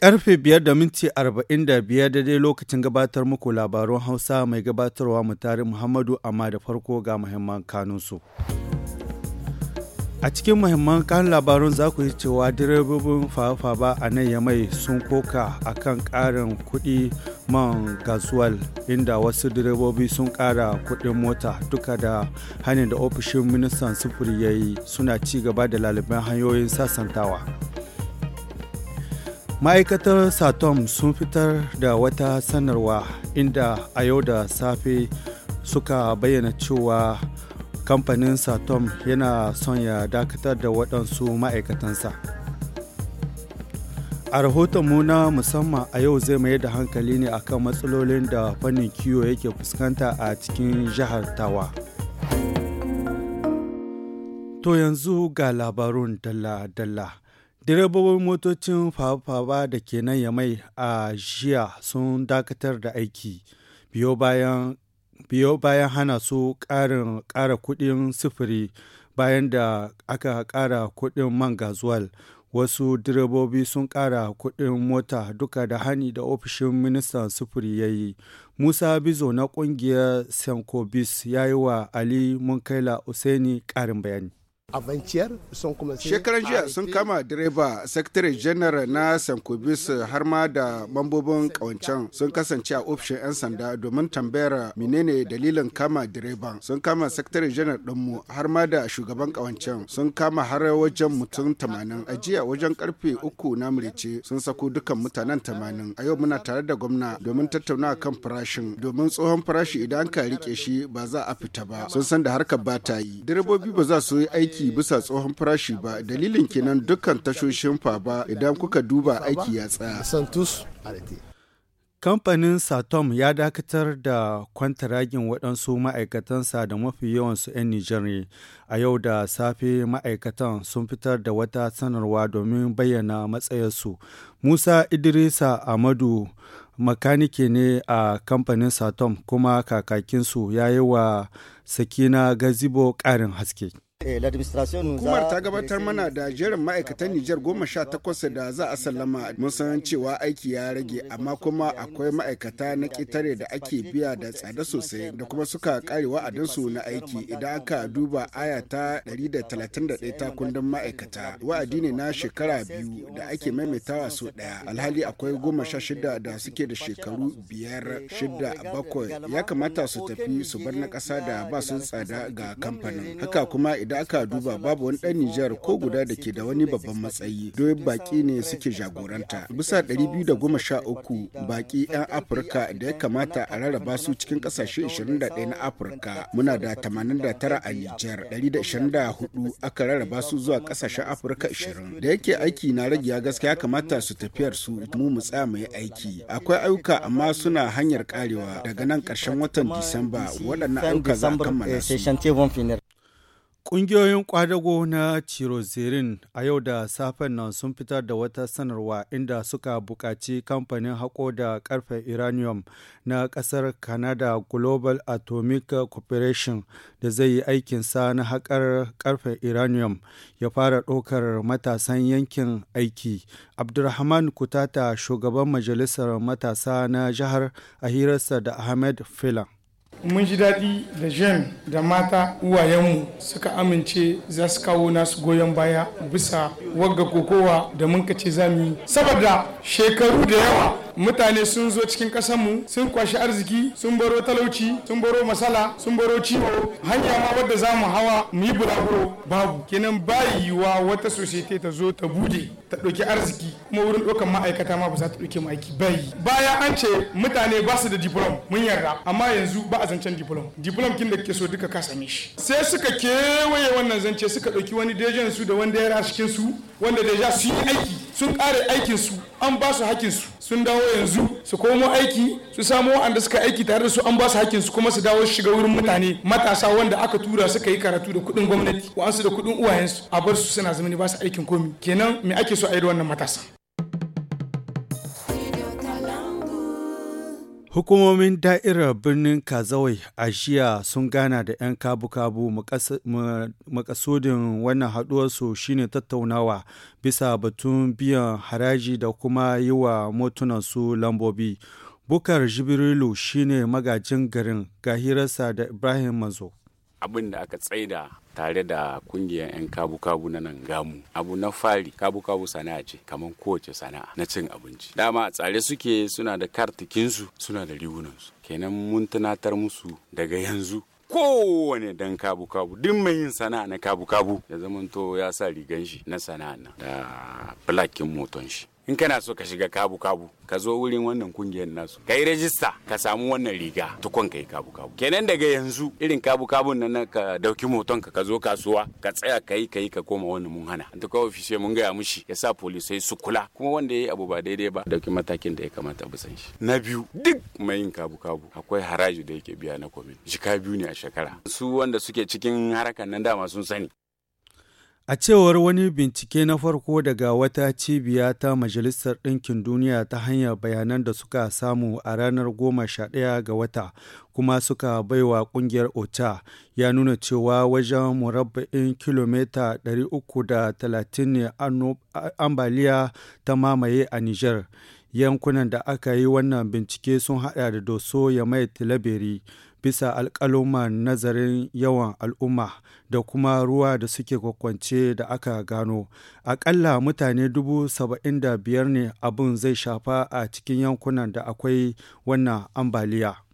Karfe biyar da minti arba'in da biyar daidai lokacin gabatar muku labarun Hausa mai gabatarwa mu mutari Muhammadu amma da farko ga muhimman kanunsu. A cikin muhimman kan labarun za ku yi cewa direbobin fafa a nan ya mai sun koka a kan ƙarin kuɗi man gasuwal inda wasu direbobi sun kara kuɗin mota duka da hanyar da ofishin ministan sufuri ya yi suna ci gaba da laliban hanyoyin sasantawa. ma'aikatar satom sun fitar da wata sanarwa inda a yau da safe suka bayyana cewa kamfanin satom yana son ya dakatar da waɗansu ma'aikatansa a rahotonmu na musamman a yau zai mai da hankali ne akan matsalolin da fannin kiwo yake fuskanta a cikin jihar tawa to yanzu ga labarun dalla-dalla direbobin motocin fafafa da ke nan ya mai a jiya sun dakatar da aiki biyo bayan biyo bayan hana su ƙarin ƙara kuɗin sufuri bayan da aka ƙara kuɗin man gazuwal wasu direbobi sun ƙara kuɗin mota duka da hani da ofishin ministan sufuri ya yi musa bizo na ƙungiyar sankobis ya yi wa ali munkaila usaini ƙarin bayani Shekaran jiya sun kama direba, sakatare janar na Sankobis har ma da mambobin kawancan sun kasance a ofishin 'yan sanda domin tambayar menene dalilin kama direban. Sun kama sakatare janar ɗinmu har ma da shugaban kawancan sun kama har wajen mutum tamanin. A jiya wajen karfe uku na murice sun sako dukan mutanen tamanin. A yau muna tare da gwamna domin tattauna kan farashin domin tsohon farashi idan ka rike shi ba za a fita ba. Sun san da harkar ba ta yi. Direbobi ba za su yi aiki aiki bisa tsohon farashi ba dalilin kenan dukkan tashoshin faba idan kuka duba aiki ya tsaya. Kamfanin Satom ya dakatar da kwantaragin waɗansu ma'aikatansa da mafi yawansu 'yan Nijar A yau da safe ma'aikatan sun fitar da wata sanarwa domin bayyana matsayarsu. Musa Idrisa Amadu makanike ne a kamfanin Satom kuma kakakinsu ya yi wa Sakina Gazibo ƙarin haske. Eh, kuma ta gabatar mana da jerin ma'aikatan Nijar goma sha takwas da za a sallama mun san cewa aiki ya rage amma kuma akwai ma'aikata na ƙetare da ake biya da tsada sosai da kuma suka kare wa'adinsu na aiki idan aka duba aya ta 131 ta kundin ma'aikata wa'adi ne na shekara biyu da ake maimaitawa so ɗaya alhali akwai goma sha shida da suke da shekaru biyar shida bakwai ya kamata su tafi su bar na ƙasa da ba su tsada ga kamfanin haka kuma idan aka duba babu wani ɗan Nijar ko guda da ke da wani babban matsayi doyin baki ne suke jagoranta. Bisa 213 baki 'yan Afirka da ya kamata a rarraba su cikin kasashe 21 na Afirka muna da 89 a Nijar 124 aka rarraba su zuwa ƙasashen Afirka 20. Da yake aiki na rage ya gaskiya kamata su tafiyar su mu mu tsaya mu aiki. Akwai ayyuka amma suna hanyar karewa daga nan ƙarshen watan Disamba waɗannan ayyuka za a kammala su. Ƙungiyoyin ƙwadago na Cirozerin a yau da safen nan sun fitar da wata sanarwa inda suka buƙaci kamfanin haƙo da ƙarfe uranium na ƙasar Canada Global Atomic Corporation da zai yi aikinsa na haƙar ƙarfe uranium ya fara ɗaukar matasan yankin aiki. Abdulrahman Kutata shugaban majalisar matasa na jihar a hirarsa da Ahmed Filan. mun ji daɗi da jen da mata uwayenmu suka amince za su kawo nasu goyon baya bisa wagga kokowa da mun ce za mu yi saboda shekaru da yawa mutane sun zo cikin mu sun kwashi arziki sun baro talauci sun baro masala sun baro ciwo hanya ma wadda za mu hawa mu yi bulaguro babu kenan ba yiwuwa wata sosai ta zo ta bude ta ɗauki arziki kuma wurin ɗaukan ma'aikata ma ba za ta ɗauke mu aiki ba yi baya an ce mutane ba su da diplom mun yarda amma yanzu ba a zancen diplom diplom kin da ke so duka ka same shi sai suka kewaye wannan zance suka ɗauki wani dejan su da wanda ya cikin su wanda deja su yi aiki sun kare aikin su an ba su hakkin su sun dawo yanzu su komo aiki su samu wanda suka aiki tare da su an ba su hakkin su kuma su dawo su shiga wurin mutane matasa wanda aka tura suka yi karatu da kuɗin gwamnati wa'ansu da kuɗin uwayensu a bar su suna zama ne ba su aikin komi kenan me ake so a yi da wannan matasa Hukumomin da'irar birnin Kazawai a jiya sun gana da 'yan kabu-kabu makasudin wannan haɗuwarsu shine tattaunawa bisa batun biyan haraji da kuma yi wa motunansu lambobi. Bukar Jibrilu shine magajin garin ga hirarsa da Ibrahim Mazo. Abin da aka tsaida tare da kungiyar 'yan kabu-kabu na nan gamu abu na fari kabu-kabu sana'a ce kamar kowace sana'a na cin abinci dama a tsare suke suna da kartikinsu suna da rigunansu kenan mun tunatar musu daga yanzu kowane dan kabu-kabu duk mai yin sana'a na kabu-kabu ya zamanto ya sa rigan shi na sana'a da blakin moton shi in kana so ka shiga kabu kabu ka zo wurin wannan kungiyar nasu ka yi rajista ka samu wannan riga tukon ka yi kabu kabu kenan daga yanzu irin kabu na nan ka dauki moton ka ka zo kasuwa ka tsaya ka yi ka yi ka koma wani mun hana an tuka ofishe mun gaya mushi ya sa polisai su kula kuma wanda ya yi abu ba daidai ba dauki matakin da ya kamata bu san shi na biyu duk mai yin kabu kabu akwai haraji da yake biya na komin jika biyu ne a shekara su wanda suke cikin harakan nan dama sun sani A cewar wani bincike na farko daga wata cibiya ta Majalisar Ɗinkin Duniya ta hanyar bayanan da suka samu a ranar goma sha ɗaya ga wata kuma suka baiwa ƙungiyar OCHA ya nuna cewa wajen murabba'in kilomita 330 ne ambaliya ta mamaye a Nijar. Yankunan da aka yi wannan bincike sun haɗa da Doso ya mai Tilaberi, bisa alƙalumar nazarin yawan al'umma da kuma ruwa da suke kwakwance da aka gano. Aƙalla mutane dubu saba'in da biyar ne abin zai shafa a cikin yankunan da akwai wannan ambaliya.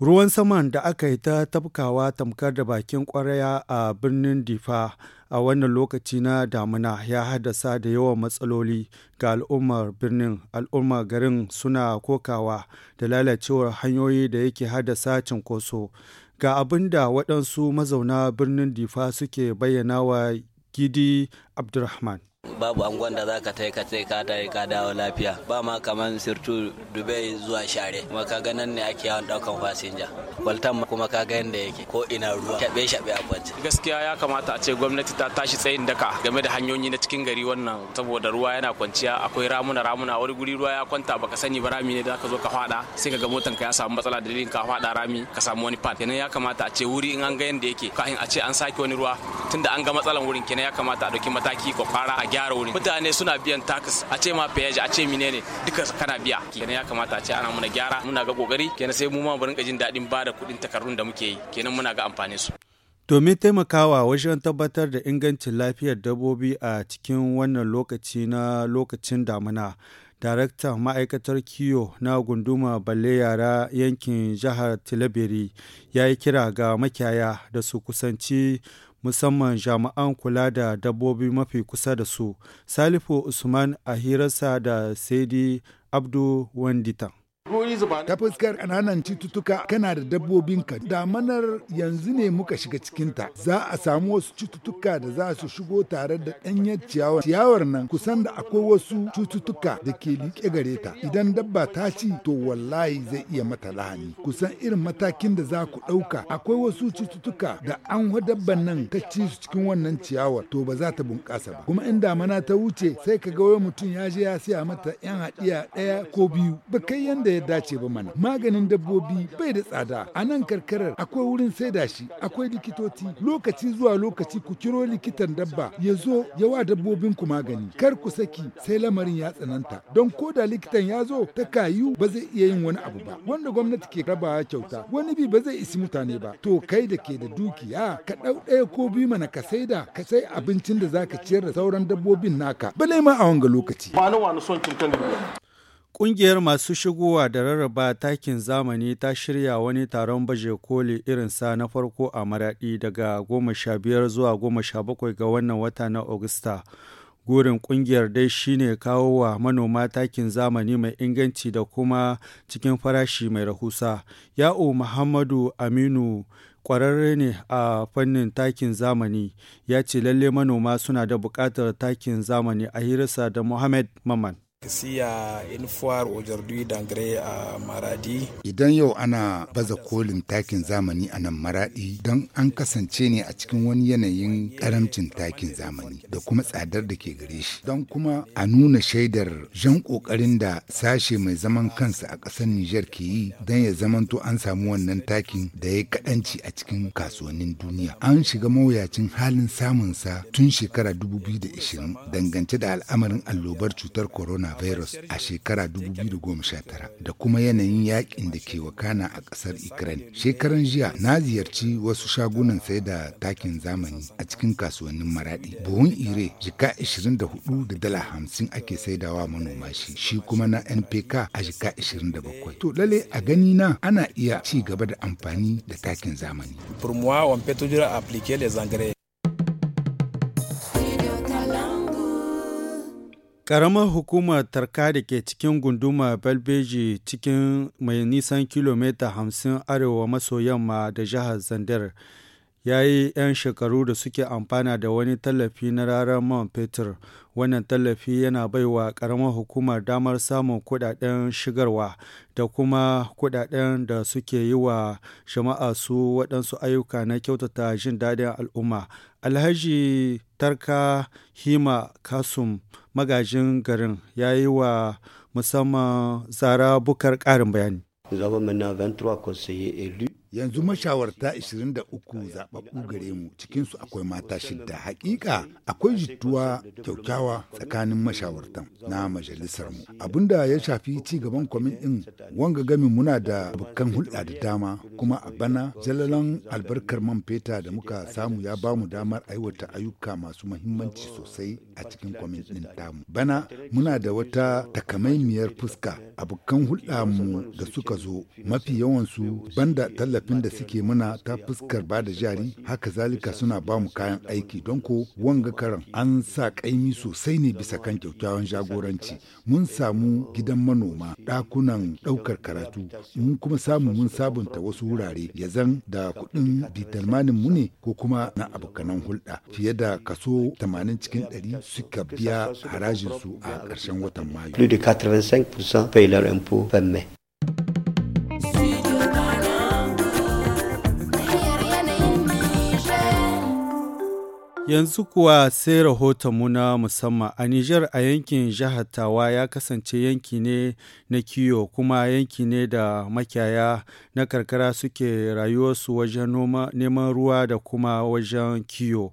Ruwan saman da aka yi ta tafkawa tamkar da bakin kwaraya a birnin Difa a wannan lokaci na damuna ya haddasa da yawan matsaloli ga al'ummar birnin al'ummar garin suna kokawa da lalacewar hanyoyi da yake haddasa cinkoso. Ga abin da waɗansu mazauna birnin Difa suke bayyana wa Gidi Abdulrahman. babu angon da zaka tai ka ce ka yi ka dawo lafiya ba ma kaman sirtu dubai zuwa share kuma ka ga nan ne ake yawan daukan fasinja waltan kuma ka ga yanda yake ko ina ruwa shabe shabe a kwance gaskiya ya kamata a ce gwamnati ta tashi tsayin daka game da hanyoyi na cikin gari wannan saboda ruwa yana kwanciya akwai ramuna ramuna wani guri ruwa ya kwanta baka sani ba rami ne da zaka zo ka fada sai ka ga motan ka ya samu matsala dalilin ka fada rami ka samu wani pat. kenan ya kamata a ce wuri in an ga yanda yake kafin a ce an sake wani ruwa tunda an ga matsalan wurin kenan ya kamata a dauki mataki fara a gyara wurin mutane suna biyan tax a ce ma peyaji a ce menene duka kana biya kenan ya kamata a ce ana muna gyara muna ga kokari kenan sai mu ma bari ka jin daɗin ba da kuɗin takardun da muke yi kenan muna ga amfanin su domin taimakawa wajen tabbatar da ingancin lafiyar dabbobi a cikin wannan lokaci na lokacin damuna darakta ma'aikatar kiyo na gunduma balle yara yankin jihar tilabiri ya yi kira ga makiyaya da su kusanci musamman jami'an kula da dabbobi mafi kusa da su. Salifu Usman a hirarsa da Saidi Abdu Wandita. Ta fuskar ƙananan cututtuka kana da dabbobinka. Damanar yanzu ne muka shiga cikinta. Za a samu wasu cututtuka da za su shigo tare da ɗanyar ciyawar. Ciyawar nan kusan da akwai wasu cututtuka da ke liƙe gare ta. Idan dabba ta ci to wallahi zai iya mata lahani. Kusan irin matakin da za ku ɗauka akwai wasu cututtuka da an wa dabban nan ta ci su cikin wannan ciyawar to ba za ta bunƙasa ba. Kuma in damana ta wuce sai ka ga wai mutum ya je ya siya mata 'yan haɗiya ɗaya ko biyu. Ba kai yanda ya dace ba mana maganin dabbobi bai da tsada a nan karkarar akwai wurin sai da shi akwai likitoci lokaci zuwa lokaci ku kiro likitan dabba ya zo ya wa dabbobin ku magani kar ku saki sai lamarin ya tsananta don ko da likitan ya zo ta kayu ba zai iya yin wani abu ba wanda gwamnati ke rabawa kyauta wani bi ba zai isi mutane ba to kai da ke da dukiya ka ɗau ɗaya ko biyu mana ka saida ka sai abincin da zaka ciyar da sauran dabbobin naka balai ma a wanga lokaci. Ƙungiyar masu shigowa da rarraba takin zamani ta shirya wani taron baje koli irinsa na farko a maraɗi daga goma sha biyar zuwa goma sha bakwai ga wannan wata na Agusta. Gurin ƙungiyar dai shine kawo wa manoma takin zamani mai inganci da kuma cikin farashi mai rahusa. Ya'u Muhammadu Aminu ƙwararre ne a fannin takin zamani ya ce lalle manoma suna da buƙatar takin zamani a hirarsa da Mohamed Maman. siya infuwar ojardui dangare a maradi idan yau ana baza kolin takin zamani a nan maradi don an kasance ne a cikin wani yanayin karamcin takin zamani da kuma tsadar da ke gare shi don kuma a nuna shaidar jan kokarin da sashe mai zaman kansa a ƙasar Nijar ke yi don ya zamanto an samu wannan takin da ya kaɗanci a cikin kasuwannin duniya an shiga mawuyacin halin samunsa tun shekara 2020 dangance da al'amarin allobar cutar corona coronavirus a shekara 2019 da kuma yanayin yakin da ke wakana a ƙasar Ukraine. Shekaran jiya na ziyarci wasu shagunan sai da takin zamani a cikin kasuwannin Maradi. Buhun ire jika 24 da dala 50 ake saidawa manoma shi, shi kuma na NPK a jika 27. To lalle a gani na ana iya ci gaba da amfani da takin zamani. Pour moi, on peut toujours Ƙaramar hukumar tarka da ke cikin gunduma Belbeji cikin mai nisan kilomita 50 arewa maso yamma da jihar Zandar ya yi 'yan shekaru da suke amfana da wani tallafi na rarar man fetur wannan tallafi yana baiwa karamar hukumar damar samun kudaden shigarwa da kuma kudaden da suke yi wa jama'a su waɗansu ayyuka na kyautata jin daɗin al'umma alhaji tarka hima kasum magajin garin ya yi wa musamman zara bukar ƙarin bayani yanzu mashawarta 23 zaɓaɓɓu gare mu cikinsu akwai mata shidda hakika akwai jituwa kyaukyawa tsakanin mashawartan na majalisar mu abinda ya shafi ci gaban kwamin din wanga gamin muna da abokan hulɗa da dama kuma a bana jalalan albarkar man feta da muka samu ya bamu damar aiwata ayyuka masu mahimmanci sosai a cikin kwamin din tamu bana muna da wata takamaimiyar fuska abokan hulɗa mu da suka zo mafi yawansu banda tallafi tallafin da suke muna ta fuskar ba da jari haka zalika suna ba mu kayan aiki don ko wanga karan an sa kaimi sosai ne bisa kan kyakkyawan jagoranci mun samu gidan manoma ɗakunan ɗaukar karatu mun kuma samu mun sabunta wasu wurare ya zan da kuɗin bitalmanin mu ne ko kuma na abokanan hulɗa fiye da kaso 80 cikin 100 suka biya harajinsu a ƙarshen watan mayu. Plus 85% paye leur impôt mai. Yanzu kuwa sai rahotonmu na musamman a Nijar a yankin jihar Tawa ya kasance yanki ne na kiyo kuma yanki ne da makiyaya na karkara suke rayuwarsu wajen neman ruwa da kuma wajen kiyo.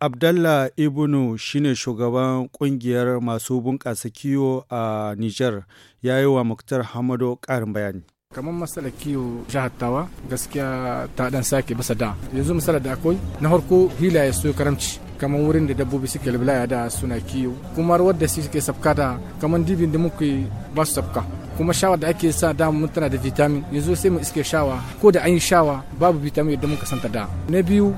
abdullah Ibnu shine shugaban kungiyar masu bunƙasa kiwo a Nijar ya yi wa Muktar Hamado ƙarin bayani. kamar matsalar kiwo jihar tawa gaskiya ta dan sake basa da yanzu matsalar da akwai na farko ya so karamci kamar wurin da dabbobi suke labila da suna kiwo kuma wadda suke sabkata kamar dibin da muke ba su sabka kuma shawa da ake sa da mun tana da vitamin yanzu sai mu iske shawa ko da an yi shawa babu vitamin yadda muka santa da na biyu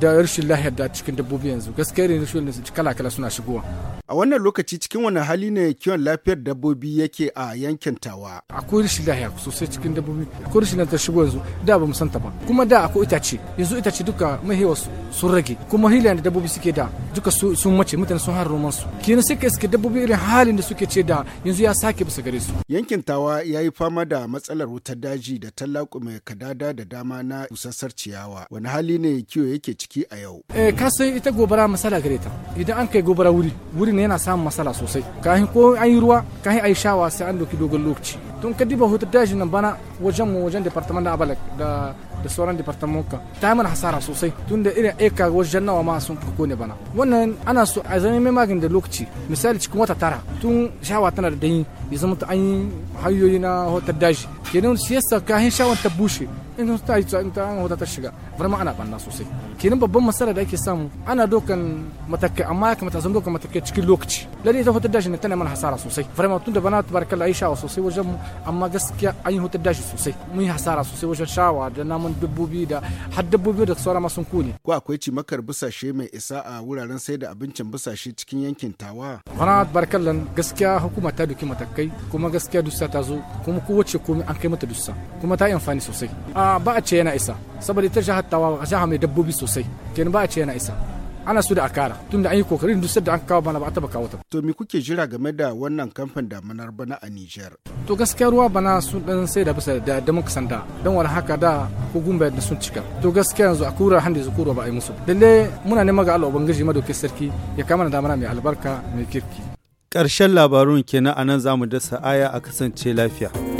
da rashin lahiyar da cikin dabbobi yanzu gaskiya ne rashin kala kala suna shigowa a wannan lokaci cikin wani hali ne kiwon lafiyar dabbobi yake a yankin tawa akwai rashin lahiya sosai cikin dabbobi akwai rashin ta shigo yanzu da ba mu santa ba kuma da akwai itace yanzu itace duka mahewa sun rage kuma hila da dabbobi suke da duka sun mace mutane sun har roman su kenan sai ka iske dabbobi irin halin da suke ce da yanzu ya sake bisa gare su Yankin Tawa ya yi fama da matsalar wutar daji da tallaku mai kadada da dama na busassar ciyawa. Wani hali ne kiwo yake ciki a yau? Eh, ka ita gobara matsala gare ta. Idan an kai gobara wuri, wuri ne yana samun matsala sosai. Kahin ko an yi ruwa, kahin a yi shawa sai an doki dogon lokaci. Tun ka diba hutar daji nan bana wajen mu wajen departament da Abalak da da sauran departamentka ta mana hasara sosai tun da irin aika wajen nawa ma sun fuko ne bana wannan ana so a zama mai magani da lokaci misali cikin wata tara tun shawa tana da danyi ya zama ta an yi hanyoyi na hotar daji nan shi yasa kayan shawar ta bushe in ta yi ta an hota ta shiga ma ana banna sosai nan babban masara da ake samu ana dokan matakai amma ya kamata zan dokan matakai cikin lokaci lalle ita hotar dashi ne tana mana hasara sosai vraiment tun da bana tabarakallah yi shawa sosai wajen mu amma gaskiya an yi hotar dashi sosai mun yi hasara sosai wajen shawa da namun dabbobi da har dabbobi da sauran masu kuni. ko akwai cimakar busashe mai isa a wuraren sai da abincin busashe cikin yankin tawa bana tabarakallah gaskiya hukuma ta doki matakai kai kuma gaskiya dusa ta zo kuma kowace komai an kai mata dusa kuma ta yi amfani sosai a ba a ce yana isa saboda ita jihar tawa jiha mai dabbobi sosai kenan ba a ce yana isa ana so da a kara tun da an yi kokarin dusar da an kawo bana ba a taba kawo ta. To me kuke jira game da wannan kamfan damanar bana a Niger To gaskiya ruwa bana sun dan sai da bisa da da muka sanda dan wani haka da ko gumba da sun cika. To gaskiya yanzu a kura hande zu kura ba a yi musu. Lalle muna neman ga Allah ubangiji madaukakin sarki ya kama da damana mai albarka mai kirki. Ƙarshen labarun kenan a nan za mu dasa aya a kasance lafiya.